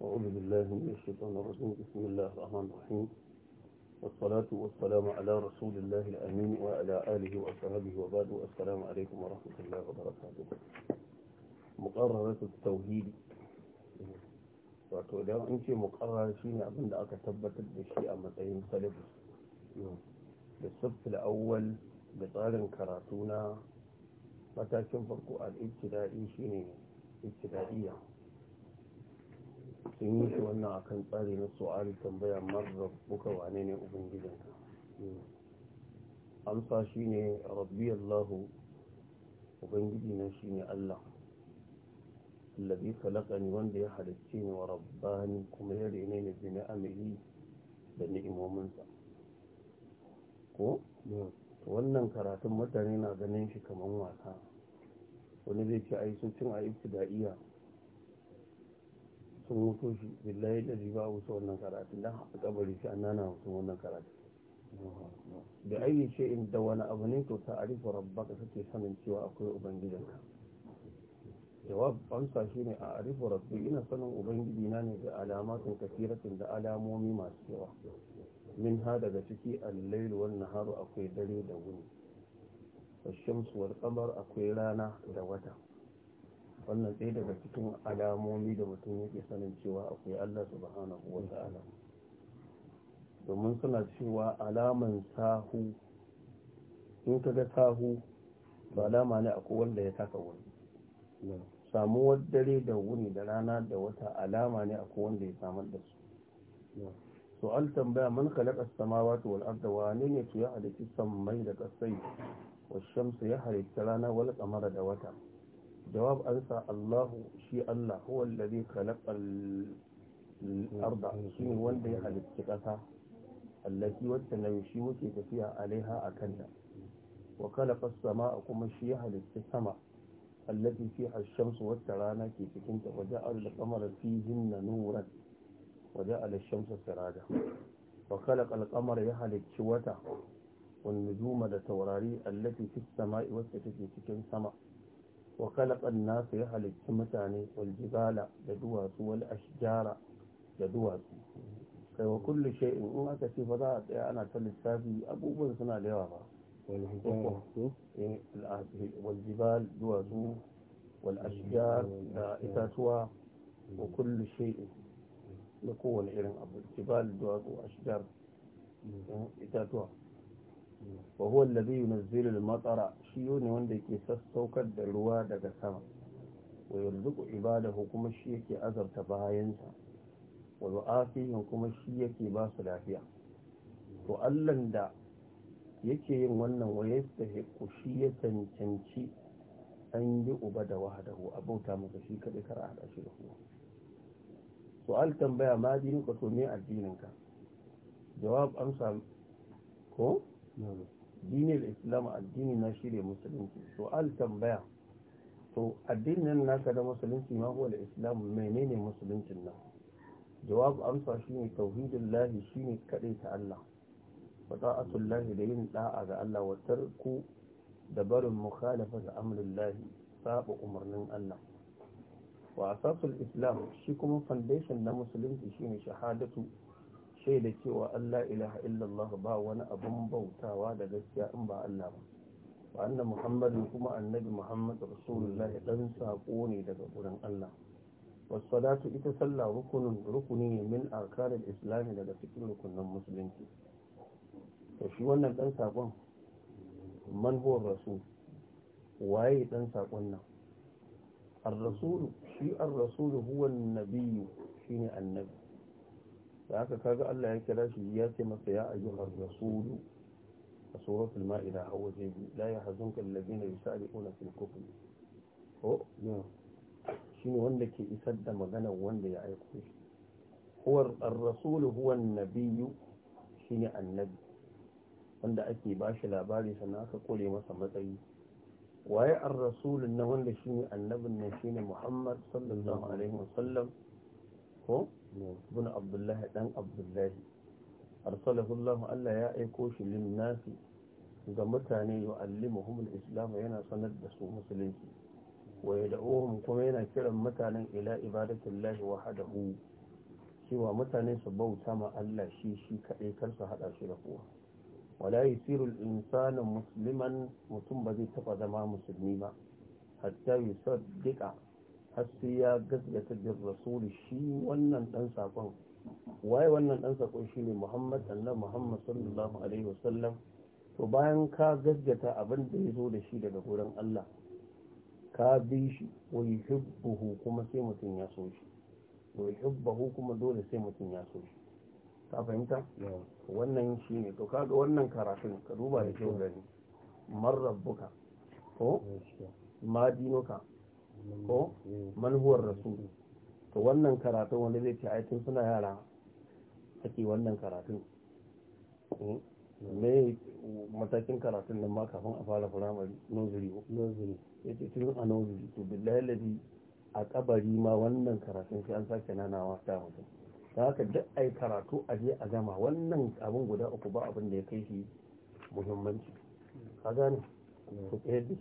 أعوذ بالله من الشيطان الرجيم بسم الله الرحمن الرحيم والصلاة والسلام على رسول الله الأمين وعلى آله وصحبه وبعد السلام عليكم ورحمة الله وبركاته مقررة التوحيد wato idan أنت مقررة mukarrar shi ne abin da aka tabbatar da shi a matsayin salibus da sufil awwal da tsarin sun yi shi wannan akan tsari na su'ali tambaya marar buka wane ne ubangijinka hmm. amsa shi ne rabbi allahu ubangiji na shi ne allah labi kalakani wanda ya halitta ni wa rabbani kuma ya rene ne bi amiri da ni'imominsa ko hmm. wannan karatun mutane na ganin shi kamar wasa wani zai ce ai sun cin a iya. sun mutu shi billahi da ba wuce wannan karatu dan haɗa kabari shi an nana wuce wannan karatu da ayi ce in da wani abu ne to ta arifu rabbaka kake sanin cewa akwai ubangijinka jawab amsa shi ne a arifu rabbi ina sanin ubangiji na ne da alamatin kafiratin da alamomi masu yawa min ha daga ciki allailu wan naharu akwai dare da wuni والشمس akwai rana da wata. wannan sai daga cikin alamomi da mutum yake sanin cewa akwai Allah subhanahu wa ta'ala domin suna cewa alaman sahu in ka ga sahu ba alama ne akwai wanda ya taka wani samuwar dare da wuni da rana da wata alama ne akwai wanda ya samar da su to an tambaya man khalaqa as-samawati wal arda wa ne ne ya halitta sammai da kasai wa shamsu ya halitta rana wal qamara da wata jawab ansa Allahu shi Allah huwa alladhi khalaqa al-arda shi wanda ya halitta kasa allati wacce nan shi muke tafiya alaiha akan ta wa khalaqa as kuma shi ya halitta sama allati fiha ash-shamsu wacce rana ke cikin ta waje waje ya halitta wata والنجوم da taurari allati fi samai wacce take cikin sama wa kalaƙan nasu ya halittu mutane waljibala da duwatsu wal ashjara da duwatsu kai wa kullu shay'in in aka ce ba za a tsaya ana ta lissafi abubuwan suna da yawa ba waljibal eh, duwatsu wal ashjar da itatuwa wa kullu shay'in da kowane irin abu jibal duwatsu ashjar eh, itatuwa wa huwa allazi yunzilu al-matara shi ne wanda yake sassaukar da ruwa daga sama wa yarzuqu ibadahu kuma shi yake azabta bayansa wa yu'afihim kuma shi yake ba su lafiya to Allahn da yake yin wannan wa ku shi ya cancanci an yi uba da wahadahu abauta maka shi kadai kar a hada shi da kowa su'al tambaya ma ka to me addininka jawab amsa ko dinin islam addini na shirya musulunci, musulunci su'al tambaya to addinin naka da musulunci ma huwa islam menene musuluncin nan jawab amsa shine tauhidin lahi shine kadai ta Allah wa ta'atul lahi da yin ɗa'a ga Allah wa tarku da barin mukhalafa ga amrin lahi saba umarnin Allah wa asasul islam shi kuma foundation na musulunci shine shahadatu shaida cewa Allah ilaha illallah ba wani abun bautawa da gaskiya in ba Allah ba wa muhammadin kuma annabi muhammad rasulullahi dan sako ne daga gurin Allah wasu ita sallah rukunin rukuni ne min arkanin islami daga cikin rukunin musulunci to shi wannan dan sakon manhuwar rasul waye dan sakon nan ar-rasul shi ar-rasul huwa an-nabiy shine annabi da haka kaga Allah ya kira shi ya ce masa ya ayyuhar rasulu a suratul ma'ida a waje biyu la ya hazunka allazina yusari'una fil kufr ko shine wanda ke isar da maganar wanda ya aiko shi huwa ar-rasul huwa an-nabiyyu shine annabi wanda ake bashi labari sannan aka kore masa matsayi waye ar-rasul na wanda shine annabin nan shine Muhammad sallallahu alaihi wasallam ko bin abdullahi dan abdullahi arsalahu Allah Allah ya aiko shi lin nasi ga mutane yu'allimuhum al-islam yana sanar da su musulunci wa yad'uhum kuma yana kiran mutanen ila ibadatillahi wahdahu cewa mutane su bauta ma Allah shi shi kaɗai kar su haɗa shi da kowa wala yusiru al-insanu musliman mutum ba zai taɓa zama musulmi ba hatta yusaddiqa har sai ya gasgata da rasuli shi wannan dan sakon waye wannan dan sakon shine Muhammad annabi Muhammad sallallahu alaihi wasallam to bayan ka ta abin da yazo da shi daga gurin Allah ka bi shi wa yuhibbuhu kuma sai mutun ya so shi wa yuhibbuhu kuma dole sai mutun ya so shi ka fahimta wannan shine to kaga wannan karatun ka duba da kyau gani man rabbuka ko ma dinuka ko manhuwar rasu to wannan karatun wani zai ce aikin suna yara ake wannan karatun hmm? me matakin karatun nan ma kafin a fara firamare nozuri nozuri ya ce tun a nozuri to billahi a kabari ma wannan karatun sai an sake nanawa ta mutum ta haka duk yi karatu a je a gama wannan abin guda uku ba abin da ya kai shi muhimmanci ka gane hmm. ku da shi